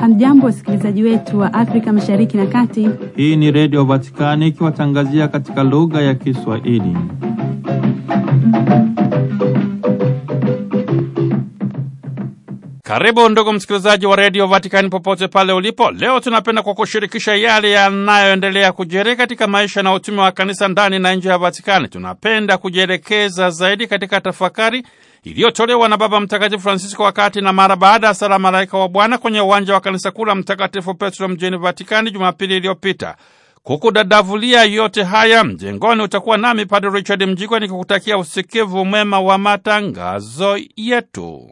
Hamjambo, wasikilizaji wetu wa Afrika Mashariki na Kati. Hii ni Redio Vatikani ikiwatangazia katika lugha ya Kiswahili. Karibu ndugu msikilizaji wa redio Vatikani popote pale ulipo. Leo tunapenda kwa kushirikisha yale yanayoendelea kujiri katika maisha na utumi wa kanisa ndani na nje ya Vatikani. Tunapenda kujielekeza zaidi katika tafakari iliyotolewa na Baba Mtakatifu Francisco wakati na mara baada ya sala Malaika wa Bwana kwenye uwanja wa kanisa kuu la Mtakatifu Petro mjini Vatikani Jumapili iliyopita. Kukudadavulia yote haya mjengoni utakuwa nami Padre Richard Mjigwa nikikutakia usikivu mwema wa matangazo yetu.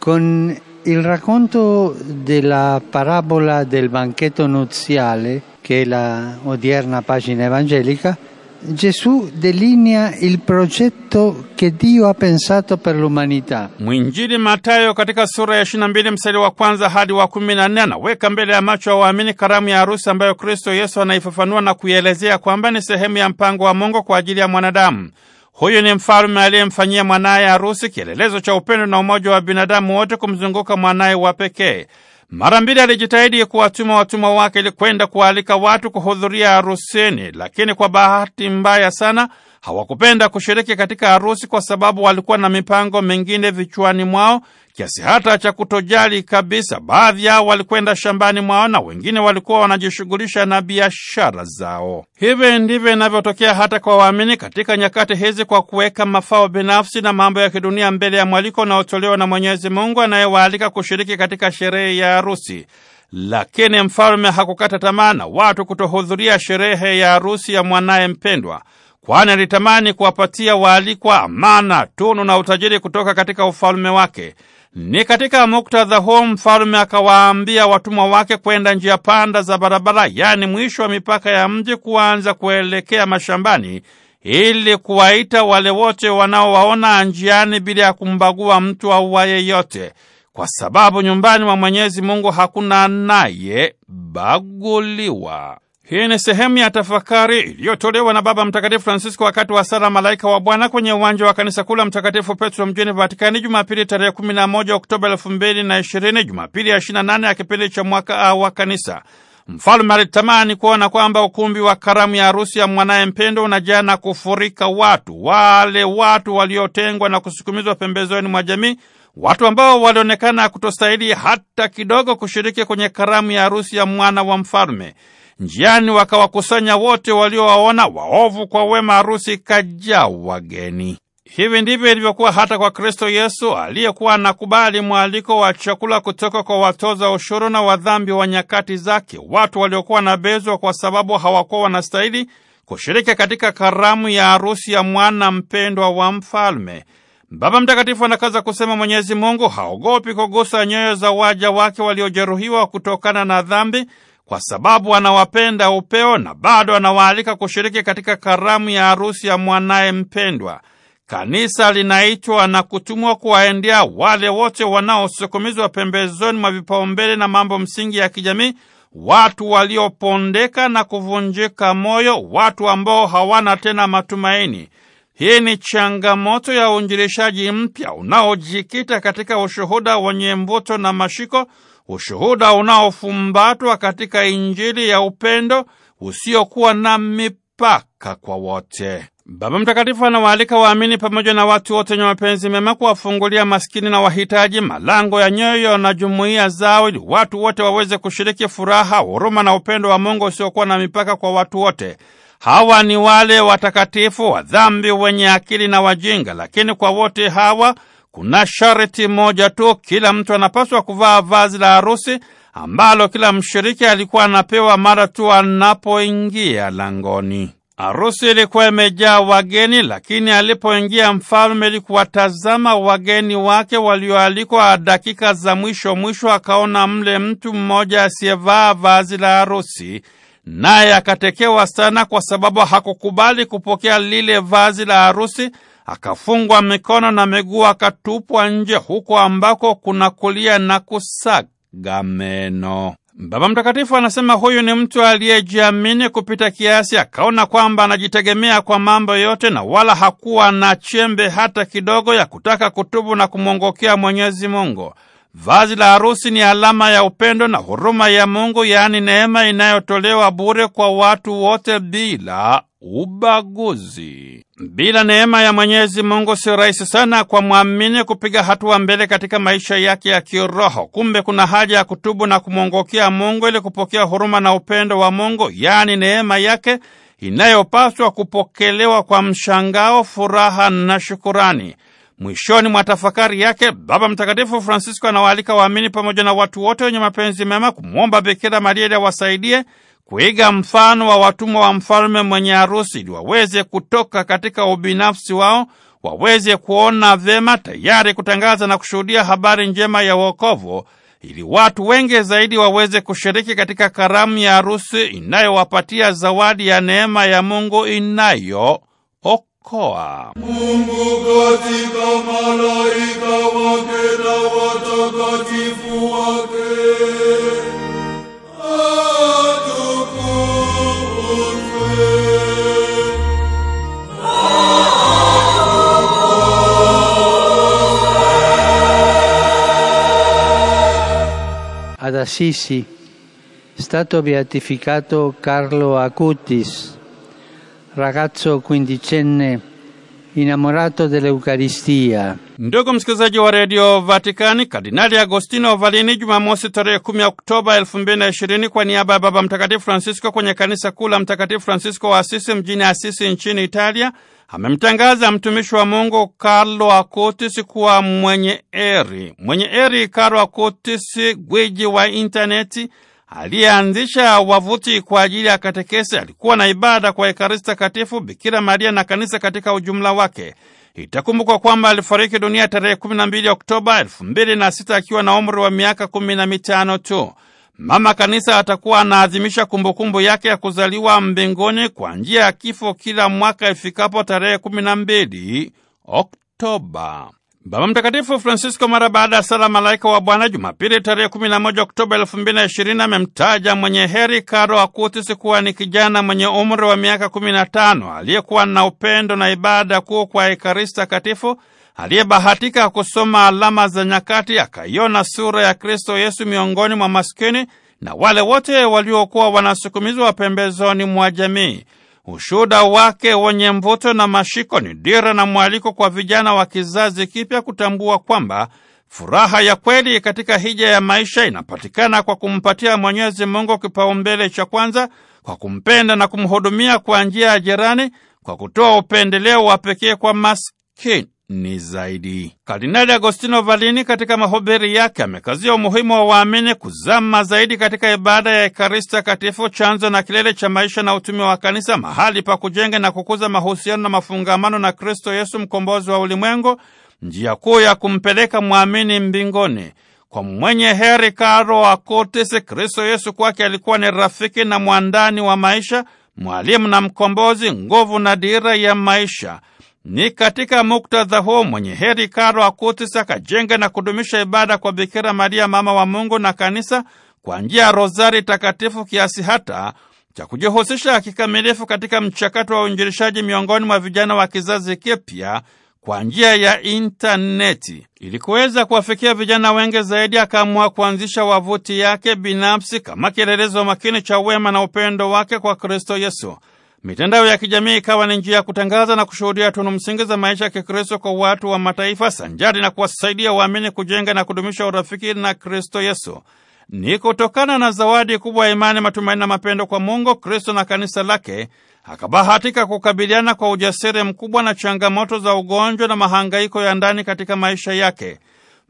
Con il racconto della parabola del banchetto nuziale che è la odierna pagina evangelica Gesù delinea il progetto che Dio ha pensato per l'umanità. Mwinjili Matayo katika sura ya 22 mstari wa kwanza hadi wa 14 anaweka mbele ya macho ya waamini karamu ya harusi ambayo Kristo Yesu anaifafanua na kuielezea kwamba ni sehemu ya mpango wa Mungu kwa ajili ya mwanadamu. Huyu ni mfalme aliyemfanyia mwanaye harusi, kielelezo cha upendo na umoja wa binadamu wote kumzunguka mwanaye wa pekee. Mara mbili alijitahidi kuwatuma watumwa wake ili kwenda kuwaalika watu kuhudhuria harusini, lakini kwa bahati mbaya sana hawakupenda kushiriki katika harusi kwa sababu walikuwa na mipango mingine vichwani mwao kiasi hata cha kutojali kabisa. Baadhi yao walikwenda shambani mwao na wengine walikuwa wanajishughulisha na biashara zao. Hivi ndivyo inavyotokea hata kwa waamini katika nyakati hizi, kwa kuweka mafao binafsi na mambo ya kidunia mbele ya mwaliko unaotolewa na Mwenyezi Mungu anayewaalika kushiriki katika sherehe ya harusi. Lakini mfalme hakukata tamaa na watu kutohudhuria sherehe ya harusi ya mwanaye mpendwa kwani alitamani kuwapatia waalikwa amana, tunu na utajiri kutoka katika ufalme wake. Ni katika muktadha huo mfalme akawaambia watumwa wake kwenda njia panda za barabara, yaani mwisho wa mipaka ya mji, kuanza kuelekea mashambani ili kuwaita wale wote wanaowaona njiani bila ya kumbagua mtu au yeyote, kwa sababu nyumbani mwa Mwenyezi Mungu hakuna naye baguliwa. Hii ni sehemu ya tafakari iliyotolewa na Baba Mtakatifu Francisco wakati wa sala Malaika wa Bwana kwenye uwanja wa kanisa kuu la Mtakatifu Petro mjini Vatikani, Jumapili tarehe 11 Oktoba 2020, Jumapili ya 28 ya kipindi cha mwaka A wa kanisa. Mfalme alitamani kuona kwamba ukumbi wa karamu ya harusi ya mwanaye mpendo unajaa na kufurika watu, wale watu waliotengwa na kusukumizwa pembezoni mwa jamii, watu ambao walionekana kutostahili hata kidogo kushiriki kwenye karamu ya harusi ya mwana wa mfalme. Njiani wakawakusanya wote waliowaona, waovu kwa wema, harusi kaja wageni. Hivi ndivyo ilivyokuwa hata kwa Kristo Yesu aliyekuwa anakubali mwaliko wa chakula kutoka kwa watoza ushuru na wadhambi wa nyakati zake, watu waliokuwa wanabezwa kwa sababu hawakuwa wanastahili kushiriki katika karamu ya harusi ya mwana mpendwa wa mfalme. Baba Mtakatifu anakaza kusema, Mwenyezi Mungu haogopi kugusa nyoyo za waja wake waliojeruhiwa kutokana na dhambi kwa sababu anawapenda upeo na bado anawaalika kushiriki katika karamu ya harusi ya mwanaye mpendwa. Kanisa linaitwa na kutumwa kuwaendea wale wote wanaosukumizwa pembezoni mwa vipaumbele na mambo msingi ya kijamii, watu waliopondeka na kuvunjika moyo, watu ambao hawana tena matumaini. Hii ni changamoto ya uinjilishaji mpya unaojikita katika ushuhuda wenye mvuto na mashiko ushuhuda unaofumbatwa katika Injili ya upendo usiokuwa na mipaka kwa wote. Baba Mtakatifu anawaalika waamini pamoja na watu wote wenye mapenzi mema kuwafungulia maskini na wahitaji malango ya nyoyo na jumuiya zao, ili watu wote waweze kushiriki furaha, huruma na upendo wa Mungu usiokuwa na mipaka kwa watu wote. Hawa ni wale watakatifu wa dhambi, wenye akili na wajinga, lakini kwa wote hawa kuna sharti moja tu, kila mtu anapaswa kuvaa vazi la harusi ambalo kila mshiriki alikuwa anapewa mara tu anapoingia langoni. Harusi ilikuwa imejaa wageni, lakini alipoingia mfalme ili kuwatazama wageni wake walioalikwa dakika za mwisho mwisho, akaona mle mtu mmoja asiyevaa vazi la harusi, naye akatekewa sana, kwa sababu hakukubali kupokea lile vazi la harusi akafungwa mikono na miguu akatupwa nje, huko ambako kuna kulia na kusaga meno. Baba Mtakatifu anasema huyu ni mtu aliyejiamini kupita kiasi, akaona kwamba anajitegemea kwa mambo yote na wala hakuwa na chembe hata kidogo ya kutaka kutubu na kumwongokea Mwenyezi Mungu. Vazi la harusi ni alama ya upendo na huruma ya Mungu, yaani neema inayotolewa bure kwa watu wote bila ubaguzi. Bila neema ya Mwenyezi Mungu si rahisi sana kwa mwamini kupiga hatua mbele katika maisha yake ya kiroho. Kumbe kuna haja ya kutubu na kumwongokea Mungu ili kupokea huruma na upendo wa Mungu, yaani neema yake inayopaswa kupokelewa kwa mshangao, furaha na shukurani. Mwishoni mwa tafakari yake, Baba Mtakatifu Francisco anawaalika waamini pamoja na watu wote wenye mapenzi mema kumwomba Bikira Maria ili awasaidie kuiga mfano wa watumwa wa mfalme mwenye harusi, ili waweze kutoka katika ubinafsi wao, waweze kuona vyema, tayari kutangaza na kushuhudia habari njema ya wokovu, ili watu wengi zaidi waweze kushiriki katika karamu ya harusi inayowapatia zawadi ya neema ya Mungu inayo okoa. Mungu katika malaika wake na watakatifu Assisi, stato beatificato Carlo Acutis, ragazzo quindicenne innamorato dell'Eucaristia. Ndugu msikilizaji wa redio Vatikani, Kardinali Agostino Valini Jumamosi tarehe 10 Oktoba 2020 kwa niaba ya Baba Mtakatifu Francisco kwenye kanisa kuu la Mtakatifu Francisco wa Asisi mjini Asisi nchini Italia amemtangaza mtumishi wa Mungu Carlo Acutis kuwa mwenye eri. Mwenye eri Carlo Acutis, gwiji wa intaneti aliyeanzisha wavuti kwa ajili ya katekesi, alikuwa na ibada kwa Ekaristi Takatifu, Bikira Maria na kanisa katika ujumla wake. Itakumbukwa kwamba alifariki dunia tarehe 12 Oktoba 2006 akiwa na umri wa miaka 15 tu. Mama Kanisa atakuwa anaadhimisha kumbukumbu yake ya kuzaliwa mbinguni kwa njia ya kifo kila mwaka ifikapo tarehe 12 Oktoba. Baba Mtakatifu Francisco mara baada ya sala malaika wa Bwana Jumapili tarehe 11 Oktoba 2020 amemtaja mwenye heri Carlo Acutis kuwa ni kijana mwenye umri wa miaka 15 aliyekuwa na upendo na ibada kuu kwa Ekaristi Takatifu, aliyebahatika kusoma alama za nyakati, akaiona sura ya Kristo Yesu miongoni mwa maskini na wale wote waliokuwa wanasukumizwa pembezoni mwa jamii. Ushuda wake wenye mvuto na mashiko ni dira na mwaliko kwa vijana wa kizazi kipya kutambua kwamba furaha ya kweli katika hija ya maisha inapatikana kwa kumpatia Mwenyezi Mungu kipaumbele cha kwanza, kwa kumpenda na kumhudumia kwa njia ya jirani, kwa kutoa upendeleo wa pekee kwa maskini ni zaidi. Kardinali Agostino Valini katika mahubiri yake amekazia umuhimu wa waamini kuzama zaidi katika ibada ya Ekaristi Takatifu, chanzo na kilele cha maisha na utumi wa Kanisa, mahali pa kujenga na kukuza mahusiano na mafungamano na Kristo Yesu, mkombozi wa ulimwengu, njia kuu ya kumpeleka mwamini mbingoni. Kwa mwenye heri wa Acutis, Kristo Yesu kwake alikuwa ni rafiki na mwandani wa maisha, mwalimu na mkombozi, nguvu na dira ya maisha. Ni katika muktadha huo mwenye heri karo akutis akajenga na kudumisha ibada kwa Bikira Maria mama wa Mungu na kanisa kwa njia ya rozari takatifu kiasi hata cha kujihusisha kikamilifu katika mchakato wa uinjilishaji miongoni mwa vijana wa kizazi kipya kwa njia ya intaneti. Ili kuweza kuwafikia vijana wengi zaidi, akaamua kuanzisha wavuti yake binafsi kama kielelezo makini cha wema na upendo wake kwa Kristo Yesu. Mitandao ya kijamii ikawa ni njia ya kutangaza na kushuhudia tunu msingi za maisha ya Kikristo kwa watu wa mataifa, sanjari na kuwasaidia waamini kujenga na kudumisha urafiki na Kristo Yesu. Ni kutokana na zawadi kubwa ya imani, matumaini na mapendo kwa Mungu, Kristo na kanisa lake, akabahatika kukabiliana kwa ujasiri mkubwa na changamoto za ugonjwa na mahangaiko ya ndani katika maisha yake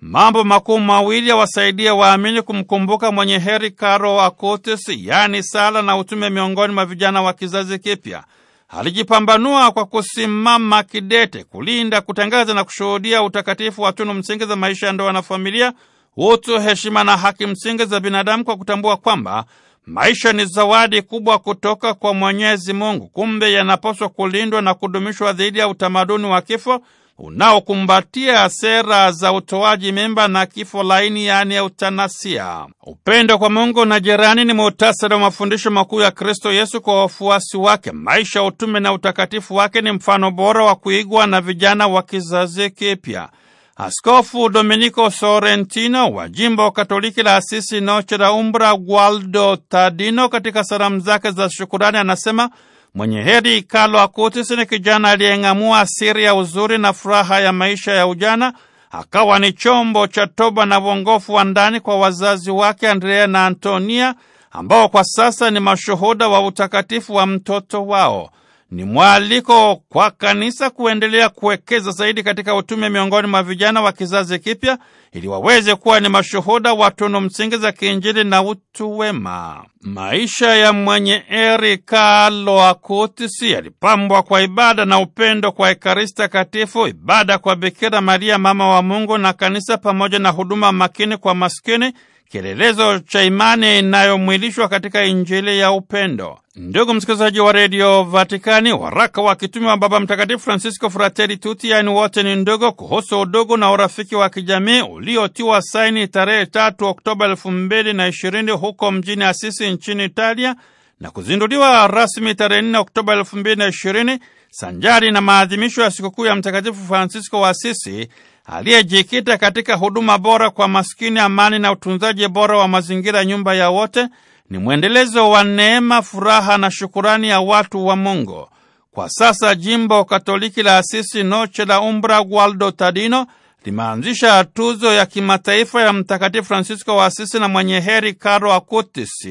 mambo makuu mawili awasaidia waamini kumkumbuka mwenye heri Carlo Acutis, yaani sala na utume miongoni mwa vijana wa kizazi kipya. Alijipambanua kwa kusimama kidete kulinda, kutangaza na kushuhudia utakatifu wa tunu msingi za maisha ya ndoa na familia, utu, heshima na haki msingi za binadamu, kwa kutambua kwamba maisha ni zawadi kubwa kutoka kwa Mwenyezi Mungu. Kumbe yanapaswa kulindwa na kudumishwa dhidi ya utamaduni wa kifo unaokumbatia sera za utoaji mimba na kifo laini, yaani eutanasia. Upendo kwa Mungu na jirani ni muhtasari wa mafundisho makuu ya Kristo Yesu kwa wafuasi wake. Maisha utume na utakatifu wake ni mfano bora wa kuigwa na vijana wa kizazi kipya. Askofu Domenico Sorrentino wa jimbo Katoliki la Asisi Noche la Umbra, Gualdo Tadino, katika salamu zake za shukurani anasema Mwenye heri Carlo Acutis ni kijana aliyeng'amua siri ya uzuri na furaha ya maisha ya ujana, akawa ni chombo cha toba na uongofu wa ndani kwa wazazi wake Andrea na Antonia, ambao kwa sasa ni mashuhuda wa utakatifu wa mtoto wao ni mwaliko kwa kanisa kuendelea kuwekeza zaidi katika utume miongoni mwa vijana wa kizazi kipya ili waweze kuwa ni mashuhuda wa tunu msingi za kiinjili na utu wema. Maisha ya mwenye eri Carlo Acutis yalipambwa kwa ibada na upendo kwa Ekaristi Takatifu, ibada kwa Bikira Maria mama wa Mungu na kanisa, pamoja na huduma makini kwa maskini kielelezo cha imani inayomwilishwa katika Injili ya upendo. Ndugu msikilizaji wa redio Vatikani, waraka wa kitume wa Baba Mtakatifu Francisco Frateli Tutti, yaani wote ni ndugu, kuhusu udugu na urafiki wa kijamii uliotiwa saini tarehe tatu Oktoba elfu mbili na ishirini huko mjini Asisi nchini Italia na kuzinduliwa rasmi tarehe 4 Oktoba elfu mbili na ishirini sanjari na maadhimisho ya sikukuu ya Mtakatifu Francisco wa Asisi aliyejikita katika huduma bora kwa maskini, amani na utunzaji bora wa mazingira, nyumba ya wote, ni mwendelezo wa neema, furaha na shukurani ya watu wa Mungu. Kwa sasa jimbo Katoliki la Asisi Noche la Umbra Gualdo Tadino limeanzisha tuzo ya kimataifa ya Mtakatifu Francisco wa Asisi na mwenye heri Carlo Acutis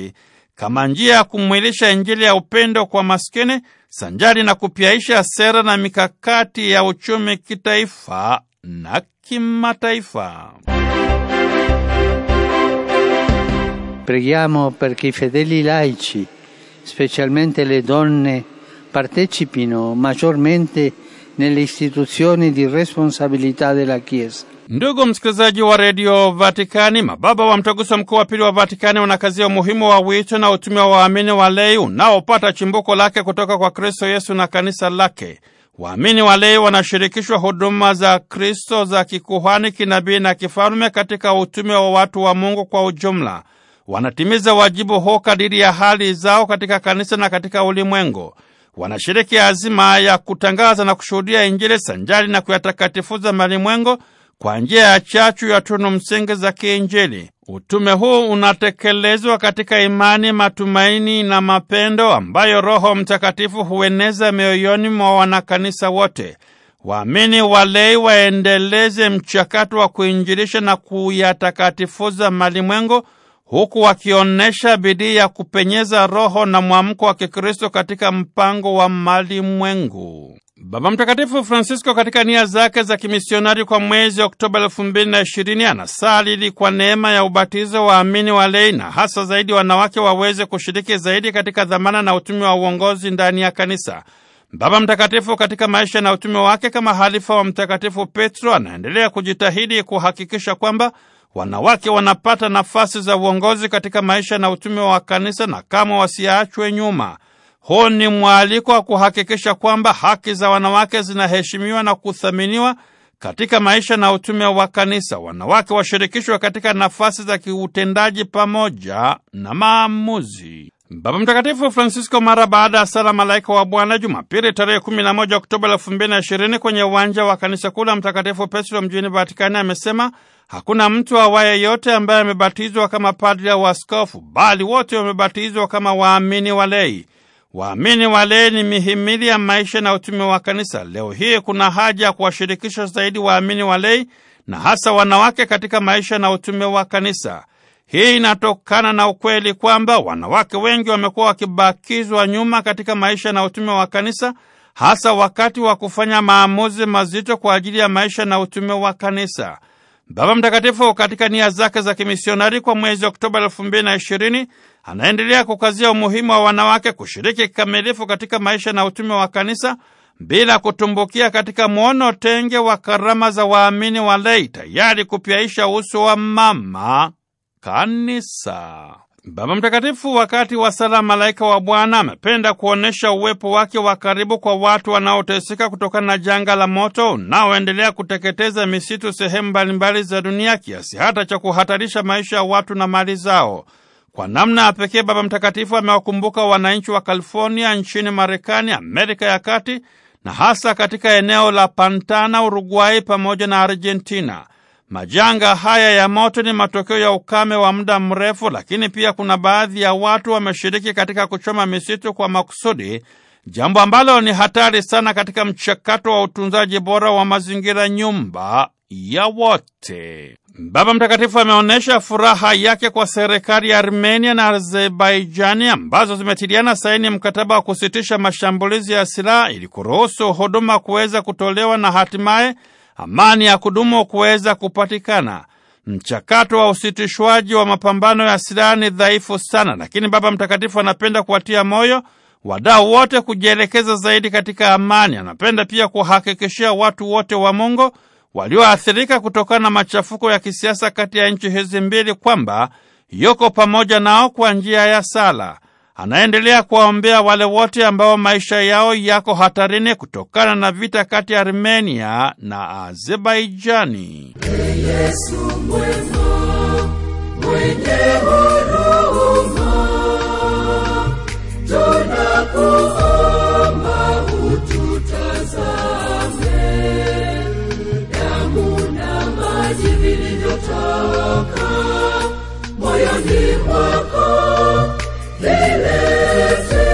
kama njia ya kumwilisha Injili ya upendo kwa maskini sanjari na kupiaisha sera na mikakati ya uchumi kitaifa na kimataifa. Preghiamo perché i fedeli laici, specialmente le donne, partecipino maggiormente nelle istituzioni di responsabilità della Chiesa. Ndugu msikilizaji wa redio Vatikani, mababa wa mtaguso mkuu wa pili wa Vatikani wanakazia umuhimu wa wito na utumia wa waamini lei unaopata chimbuko lake kutoka kwa Kristo Yesu na kanisa lake. Waamini walei wanashirikishwa huduma za Kristo za kikuhani, kinabii na kifalume katika utume wa watu wa Mungu kwa ujumla. Wanatimiza wajibu huo kadiri ya hali zao katika kanisa na katika ulimwengu. Wanashiriki azima ya kutangaza na kushuhudia Injili sanjari na kuyatakatifuza malimwengo kwa njia ya chachu ya tunu msingi za kiinjili. Utume huu unatekelezwa katika imani, matumaini na mapendo ambayo Roho Mtakatifu hueneza mioyoni mwa wanakanisa wote. Waamini walei waendeleze mchakato wa kuinjilisha na kuyatakatifuza malimwengu huku wakionyesha bidii ya kupenyeza roho na mwamko wa Kikristo katika mpango wa malimwengu. Baba Mtakatifu Francisco katika nia zake za kimisionari kwa mwezi Oktoba 2020 anasali ili kwa neema ya ubatizo waamini walei na hasa zaidi wanawake waweze kushiriki zaidi katika dhamana na utumi wa uongozi ndani ya kanisa. Baba Mtakatifu katika maisha na utumi wake kama halifa wa Mtakatifu Petro anaendelea kujitahidi kuhakikisha kwamba wanawake wanapata nafasi za uongozi katika maisha na utumi wa kanisa na kama wasiachwe nyuma. Huu ni mwaliko wa kuhakikisha kwamba haki za wanawake zinaheshimiwa na kuthaminiwa katika maisha na utume wa kanisa. Wanawake washirikishwe katika nafasi za kiutendaji pamoja na maamuzi. Baba Mtakatifu Francisco mara baada ya sala malaika wa Bwana Jumapili tarehe 11 Oktoba 2020 kwenye uwanja wa kanisa kuu la Mtakatifu Petro mjini Vatikani amesema hakuna mtu awaye yote ambaye amebatizwa kama padri au askofu, bali wote wamebatizwa kama waamini walei. Waamini ni mihimili ya maisha na utume wa kanisa. Leo hii kuna haja ya kuwashirikisha zaidi waamini walei na hasa wanawake katika maisha na utume wa kanisa. Hii inatokana na ukweli kwamba wanawake wengi wamekuwa wakibakizwa nyuma katika maisha na utume wa kanisa, hasa wakati wa kufanya maamuzi mazito kwa ajili ya maisha na utume wa kanisa. Baba Mtakatifu katika nia zake za kimisionari kwa mwezi Oktoba elfu anaendelea kukazia umuhimu wa wanawake kushiriki kikamilifu katika maisha na utume wa kanisa bila kutumbukia katika mwono tenge wa karama za waamini walei, tayari kupyaisha uso wa mama kanisa. Baba Mtakatifu wakati wa sala Malaika wa Bwana amependa kuonyesha uwepo wake wa karibu kwa watu wanaoteseka kutokana na janga la moto unaoendelea kuteketeza misitu sehemu mbalimbali za dunia kiasi hata cha kuhatarisha maisha ya watu na mali zao. Kwa namna ya pekee Baba Mtakatifu amewakumbuka wananchi wa California nchini Marekani, Amerika ya Kati na hasa katika eneo la Pantana, Uruguai pamoja na Argentina. Majanga haya ya moto ni matokeo ya ukame wa muda mrefu, lakini pia kuna baadhi ya watu wameshiriki katika kuchoma misitu kwa makusudi, jambo ambalo ni hatari sana katika mchakato wa utunzaji bora wa mazingira, nyumba ya wote. Baba Mtakatifu ameonyesha furaha yake kwa serikali ya Armenia na Azerbaijani ambazo zimetiliana saini mkataba wa kusitisha mashambulizi ya silaha ili kuruhusu huduma kuweza kutolewa na hatimaye amani ya kudumu kuweza kupatikana. Mchakato wa usitishwaji wa mapambano ya silaha ni dhaifu sana, lakini Baba Mtakatifu anapenda kuwatia moyo wadau wote kujielekeza zaidi katika amani. Anapenda pia kuhakikishia watu wote wa Mungu walioathirika kutokana na machafuko ya kisiasa kati ya nchi hizi mbili kwamba yuko pamoja nao kwa njia ya sala. Anaendelea kuwaombea wale wote ambao maisha yao yako hatarini kutokana na vita kati ya Armenia na Azerbaijani. Hey Yesu mwema, mwenye huruma, linatoka moyoni mwako lilete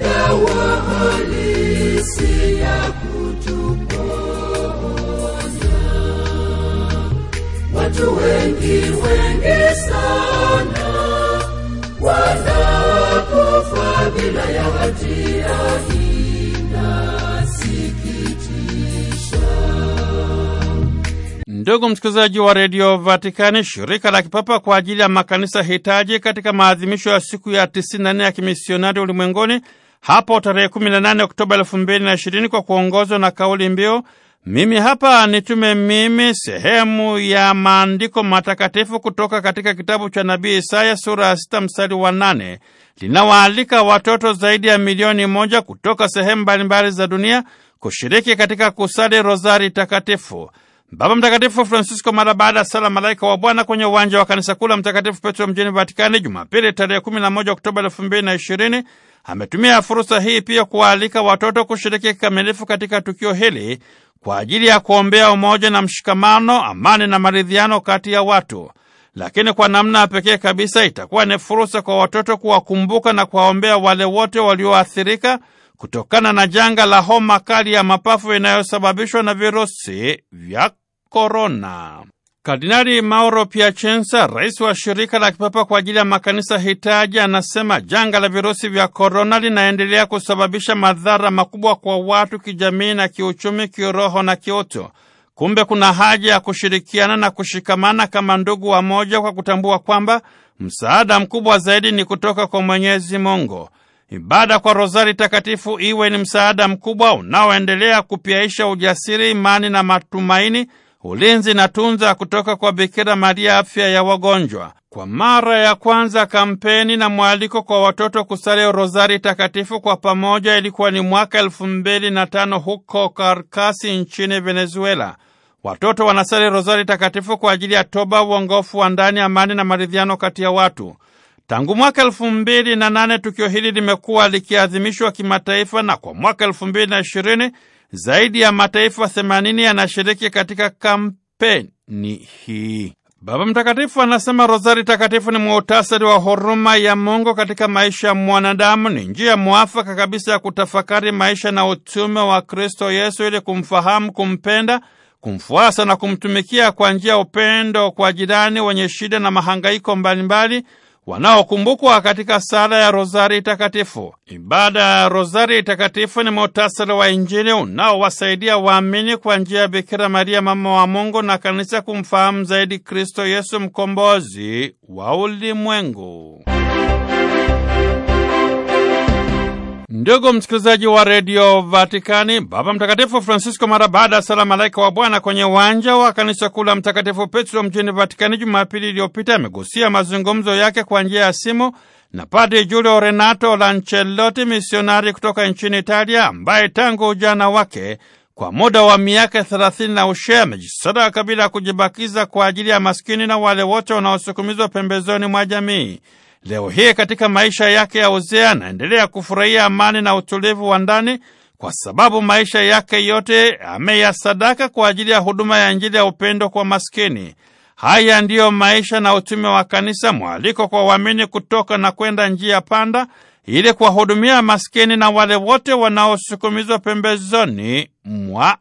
dawa halisi ya kutuponya watu wengi wengi sana Ndugu msikilizaji wa redio Vatikani, shirika la kipapa kwa ajili ya makanisa hitaji katika maadhimisho ya siku ya 94 ya kimisionari ulimwenguni hapo tarehe 18 Oktoba 2020 kwa kuongozwa na kauli mbiu mimi hapa nitume mimi, sehemu ya maandiko matakatifu kutoka katika kitabu cha nabii Isaya sura ya sita mstari wa nane linawaalika watoto zaidi ya milioni moja kutoka sehemu mbalimbali za dunia kushiriki katika kusali rozari takatifu. Baba Mtakatifu Francisco mara baada ya sala malaika wa Bwana kwenye uwanja wa kanisa kuu la Mtakatifu Petro mjini Vatikani Jumapili tarehe 11 Oktoba 2020 ametumia fursa hii pia kuwaalika watoto kushiriki kikamilifu katika tukio hili kwa ajili ya kuombea umoja na mshikamano, amani na maridhiano kati ya watu. Lakini kwa namna ya pekee kabisa itakuwa ni fursa kwa watoto kuwakumbuka na kuwaombea wale wote walioathirika kutokana na janga la homa kali ya mapafu inayosababishwa na virusi vya korona. Kardinali Mauro Piacenza, rais wa shirika la kipapa kwa ajili ya makanisa hitaji, anasema janga la virusi vya korona linaendelea kusababisha madhara makubwa kwa watu kijamii na kiuchumi, kiroho na kiuto Kumbe kuna haja ya kushirikiana na kushikamana kama ndugu wa moja, kwa kutambua kwamba msaada mkubwa zaidi ni kutoka kwa Mwenyezi Mungu. Ibada kwa rozari takatifu iwe ni msaada mkubwa unaoendelea kupiaisha ujasiri, imani na matumaini ulinzi na tunza kutoka kwa Bikira Maria, afya ya wagonjwa. Kwa mara ya kwanza kampeni na mwaliko kwa watoto kusali rozari takatifu kwa pamoja ilikuwa ni mwaka elfu mbili na tano huko karkasi nchini Venezuela. Watoto wanasali rozari takatifu kwa ajili ya toba, uongofu wa ndani, amani na maridhiano kati ya watu. Tangu mwaka elfu mbili na nane tukio hili limekuwa likiadhimishwa kimataifa na kwa mwaka elfu mbili na ishirini zaidi ya mataifa 80 yanashiriki katika kampeni hii. Baba Mtakatifu anasema rozari takatifu ni muhtasari wa huruma ya Mungu katika maisha ya mwanadamu. Ni njia mwafaka kabisa ya kutafakari maisha na utume wa Kristo Yesu ili kumfahamu, kumpenda, kumfuasa na kumtumikia kwa njia ya upendo kwa jirani wenye shida na mahangaiko mbalimbali mbali, wanaokumbukwa katika sala ya rozari takatifu. Ibada ya rozari takatifu ni muhtasari wa Injili unaowasaidia waamini kwa njia ya Bikira Maria mama wa Mungu na kanisa kumfahamu zaidi Kristo Yesu mkombozi wa ulimwengu. Ndugu msikilizaji wa redio Vatikani, Baba Mtakatifu Francisco mara baada ya sala malaika wa Bwana kwenye uwanja wa kanisa kuu la Mtakatifu Petro mjini Vatikani Jumapili iliyopita amegusia mazungumzo yake kwa njia ya simu na Padri Julio Renato Lancelotti, misionari kutoka nchini Italia, ambaye tangu ujana wake kwa muda wa miaka thelathini na ushe amejisadaka bila kujibakiza kwa ajili ya maskini na wale wote wanaosukumizwa pembezoni mwa jamii. Leo hii katika maisha yake ya Hosea anaendelea kufurahia amani na utulivu wa ndani, kwa sababu maisha yake yote ameyasadaka kwa ajili ya huduma ya Injili ya upendo kwa maskini. Haya ndiyo maisha na utume wa Kanisa, mwaliko kwa waamini kutoka na kwenda njia panda ili kuwahudumia maskini na wale wote wanaosukumizwa pembezoni mwa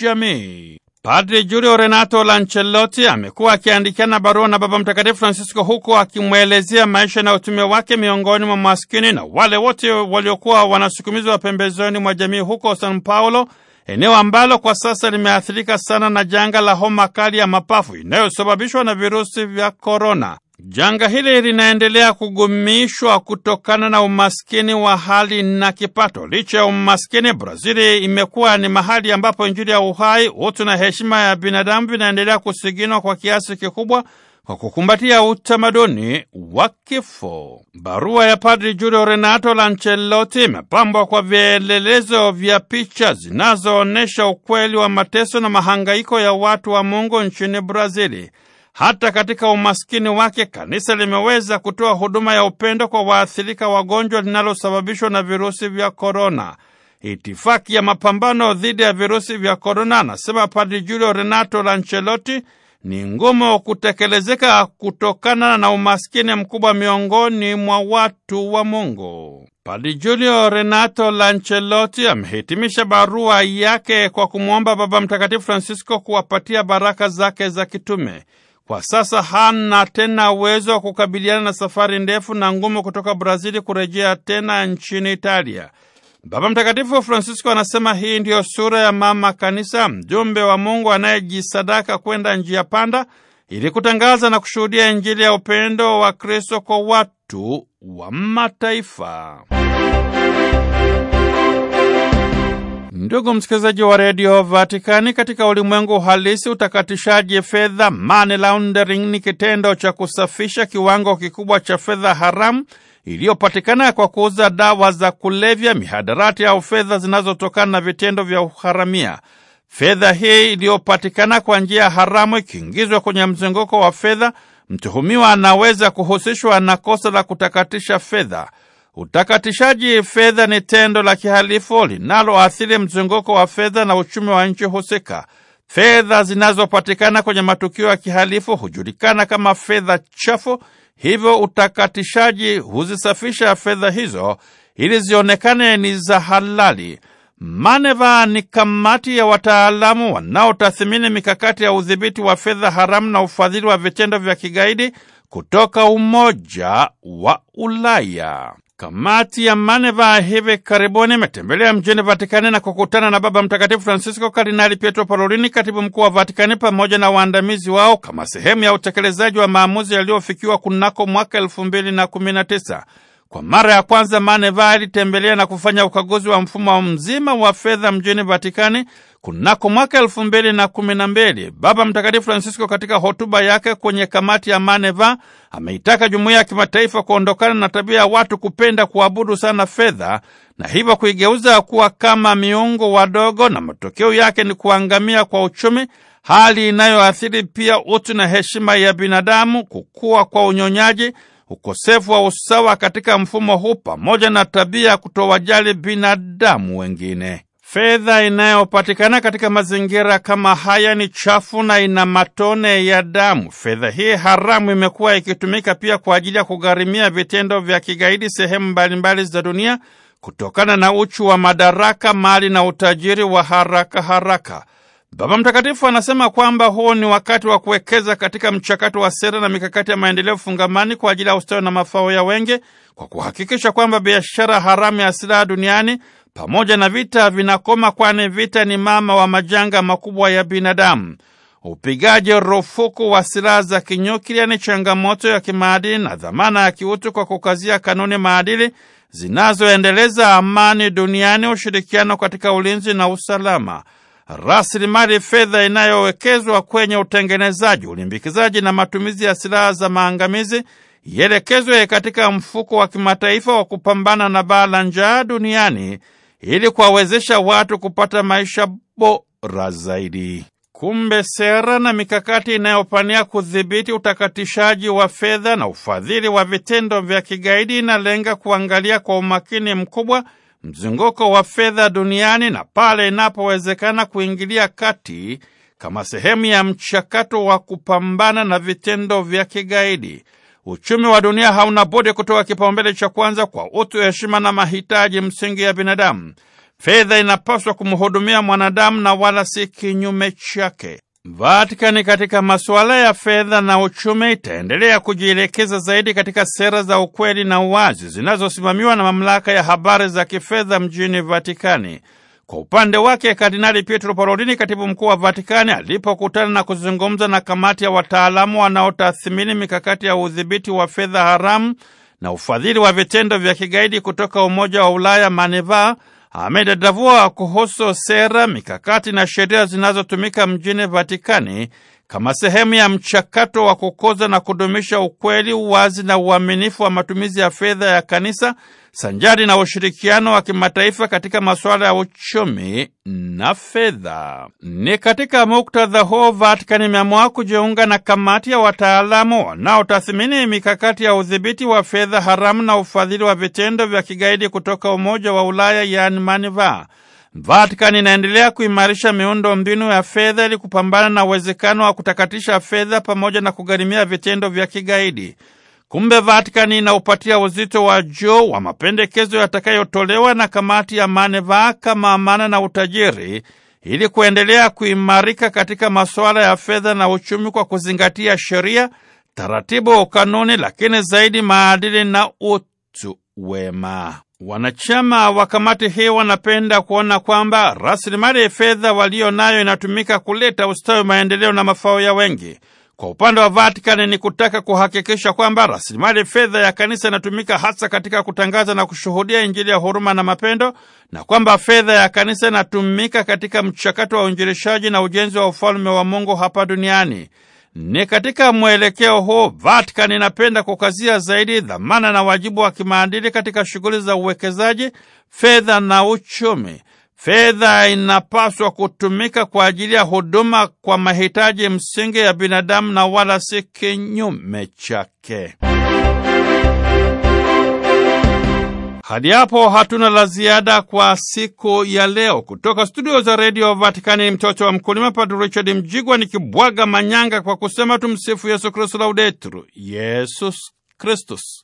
jamii. Padri Julio Renato Lancellotti amekuwa akiandikiana barua na Baba Mtakatifu Francisco huku akimwelezea maisha na utume wake miongoni mwa maskini na wale wote waliokuwa wanasukumizwa pembezoni mwa jamii huko San Paulo, eneo ambalo kwa sasa limeathirika sana na janga la homa kali ya mapafu inayosababishwa na virusi vya korona. Janga hili linaendelea kugumishwa kutokana na umaskini wa hali na kipato. Licha ya umaskini, Brazili imekuwa ni mahali ambapo Injili ya uhai, utu na heshima ya binadamu vinaendelea kusiginwa kwa kiasi kikubwa kwa kukumbatia utamaduni wa kifo. Barua ya Padri Julio Renato Lancelotti imepambwa kwa vielelezo vya picha zinazoonyesha ukweli wa mateso na mahangaiko ya watu wa Mungu nchini Brazili. Hata katika umaskini wake kanisa limeweza kutoa huduma ya upendo kwa waathirika wagonjwa linalosababishwa na virusi vya korona. Itifaki ya mapambano dhidi ya virusi vya korona, anasema Padri Julio Renato Lancelotti, ni ngumu kutekelezeka kutokana na umaskini mkubwa miongoni mwa watu wa Mungu. Padri Julio Renato Lancelotti amehitimisha barua yake kwa kumwomba Baba Mtakatifu Francisco kuwapatia baraka zake za kitume. Kwa sasa hana tena uwezo wa kukabiliana na safari ndefu na ngumu kutoka Brazili kurejea tena nchini Italia. Baba Mtakatifu Francisco anasema hii ndiyo sura ya mama kanisa, mjumbe wa Mungu anayejisadaka kwenda njia panda ili kutangaza na kushuhudia Injili ya upendo wa Kristo kwa watu wa mataifa. Ndugu msikilizaji wa redio Vatikani, katika ulimwengu halisi utakatishaji fedha, money laundering, ni kitendo cha kusafisha kiwango kikubwa cha fedha haramu iliyopatikana kwa kuuza dawa za kulevya, mihadarati au fedha zinazotokana na vitendo vya uharamia. Fedha hii iliyopatikana kwa njia haramu ikiingizwa kwenye mzunguko wa fedha, mtuhumiwa anaweza kuhusishwa na kosa la kutakatisha fedha. Utakatishaji fedha ni tendo la kihalifu linaloathiri mzunguko wa fedha na uchumi wa nchi husika. Fedha zinazopatikana kwenye matukio ya kihalifu hujulikana kama fedha chafu, hivyo utakatishaji huzisafisha fedha hizo ili zionekane ni za halali. Maneva ni kamati ya wataalamu wanaotathimini mikakati ya udhibiti wa fedha haramu na ufadhili wa vitendo vya kigaidi kutoka Umoja wa Ulaya. Kamati ya maneva hivi karibuni imetembelea mjini Vatikani na kukutana na Baba Mtakatifu Francisco, Kardinali Pietro Parolini, katibu mkuu wa Vatikani, pamoja na waandamizi wao kama sehemu ya utekelezaji wa maamuzi yaliyofikiwa kunako mwaka elfu mbili na kumi na tisa. Kwa mara ya kwanza maneva alitembelea na kufanya ukaguzi wa mfumo mzima wa fedha mjini Vatikani Kunako mwaka elfu mbili na kumi na mbili, Baba Mtakatifu Francisco katika hotuba yake kwenye kamati ya Maneva ameitaka jumuiya ya kimataifa kuondokana na tabia ya watu kupenda kuabudu sana fedha na hivyo kuigeuza kuwa kama miungu wadogo, na matokeo yake ni kuangamia kwa uchumi, hali inayoathiri pia utu na heshima ya binadamu, kukua kwa unyonyaji, ukosefu wa usawa katika mfumo huu, pamoja na tabia ya kutowajali binadamu wengine. Fedha inayopatikana katika mazingira kama haya ni chafu na ina matone ya damu. Fedha hii haramu imekuwa ikitumika pia kwa ajili ya kugharimia vitendo vya kigaidi sehemu mbalimbali za dunia kutokana na uchu wa madaraka, mali na utajiri wa haraka haraka. Baba Mtakatifu anasema kwamba huu ni wakati wa kuwekeza katika mchakato wa sera na mikakati ya maendeleo fungamani kwa ajili ya ustawi na mafao ya wengi, kwa kuhakikisha kwamba biashara haramu ya silaha duniani pamoja na vita vinakoma, kwani vita ni mama wa majanga makubwa ya binadamu. Upigaji rufuku wa silaha za kinyuklia ni changamoto ya kimaadili na dhamana ya kiutu kwa kukazia kanuni maadili zinazoendeleza amani duniani, ushirikiano katika ulinzi na usalama. Rasilimali fedha inayowekezwa kwenye utengenezaji, ulimbikizaji na matumizi ya silaha za maangamizi ielekezwe katika mfuko wa kimataifa wa kupambana na baa la njaa duniani ili kuwawezesha watu kupata maisha bora zaidi. Kumbe sera na mikakati inayopania kudhibiti utakatishaji wa fedha na ufadhili wa vitendo vya kigaidi inalenga kuangalia kwa umakini mkubwa mzunguko wa fedha duniani na pale inapowezekana kuingilia kati kama sehemu ya mchakato wa kupambana na vitendo vya kigaidi uchumi wa dunia hauna budi kutoa kipaumbele cha kwanza kwa utu, heshima na mahitaji msingi ya binadamu. Fedha inapaswa kumhudumia mwanadamu na wala si kinyume chake. Vatikani katika masuala ya fedha na uchumi itaendelea kujielekeza zaidi katika sera za ukweli na uwazi zinazosimamiwa na mamlaka ya habari za kifedha mjini Vatikani. Kwa upande wake Kardinali Pietro Parolini, katibu mkuu wa Vatikani, alipokutana na kuzungumza na kamati ya wataalamu wanaotathmini mikakati ya udhibiti wa fedha haramu na ufadhili wa vitendo vya kigaidi kutoka Umoja wa Ulaya Maneva, amedadavua kuhusu sera, mikakati na sheria zinazotumika mjini Vatikani kama sehemu ya mchakato wa kukoza na kudumisha ukweli, uwazi na uaminifu wa matumizi ya fedha ya kanisa sanjari na ushirikiano wa kimataifa katika masuala ya uchumi na fedha. Ni katika muktadha huo Vatikani imeamua kujiunga na kamati ya wataalamu wanaotathmini mikakati ya udhibiti wa fedha haramu na ufadhili wa vitendo vya kigaidi kutoka Umoja wa Ulaya, yani Maniva. Vatikani inaendelea kuimarisha miundo mbinu ya fedha ili kupambana na uwezekano wa kutakatisha fedha pamoja na kugharimia vitendo vya kigaidi. Kumbe Vatikani inaupatia uzito wa juu wa mapendekezo yatakayotolewa na kamati ya maneva kama amana na utajiri ili kuendelea kuimarika katika masuala ya fedha na uchumi kwa kuzingatia sheria, taratibu, kanuni, lakini zaidi maadili na utu wema. Wanachama wa kamati hii wanapenda kuona kwamba rasilimali fedha walio nayo inatumika kuleta ustawi, maendeleo na mafao ya wengi. Kwa upande wa Vatikani ni kutaka kuhakikisha kwamba rasilimali fedha ya kanisa inatumika hasa katika kutangaza na kushuhudia Injili ya huruma na mapendo, na kwamba fedha ya kanisa inatumika katika mchakato wa uinjilishaji na ujenzi wa ufalme wa Mungu hapa duniani. Ni katika mwelekeo huu Vatican inapenda kukazia zaidi dhamana na wajibu wa kimaadili katika shughuli za uwekezaji, fedha na uchumi. Fedha inapaswa kutumika kwa ajili ya huduma kwa mahitaji msingi ya binadamu na wala si kinyume chake. Hadi hapo hatuna la ziada kwa siku ya leo. Kutoka studio za redio Vatikani ni mtoto wa mkulima, Padre Richard Mjigwa nikibwaga manyanga kwa kusema tumsifu Yesu Kristu, laudetur Yesus Kristus.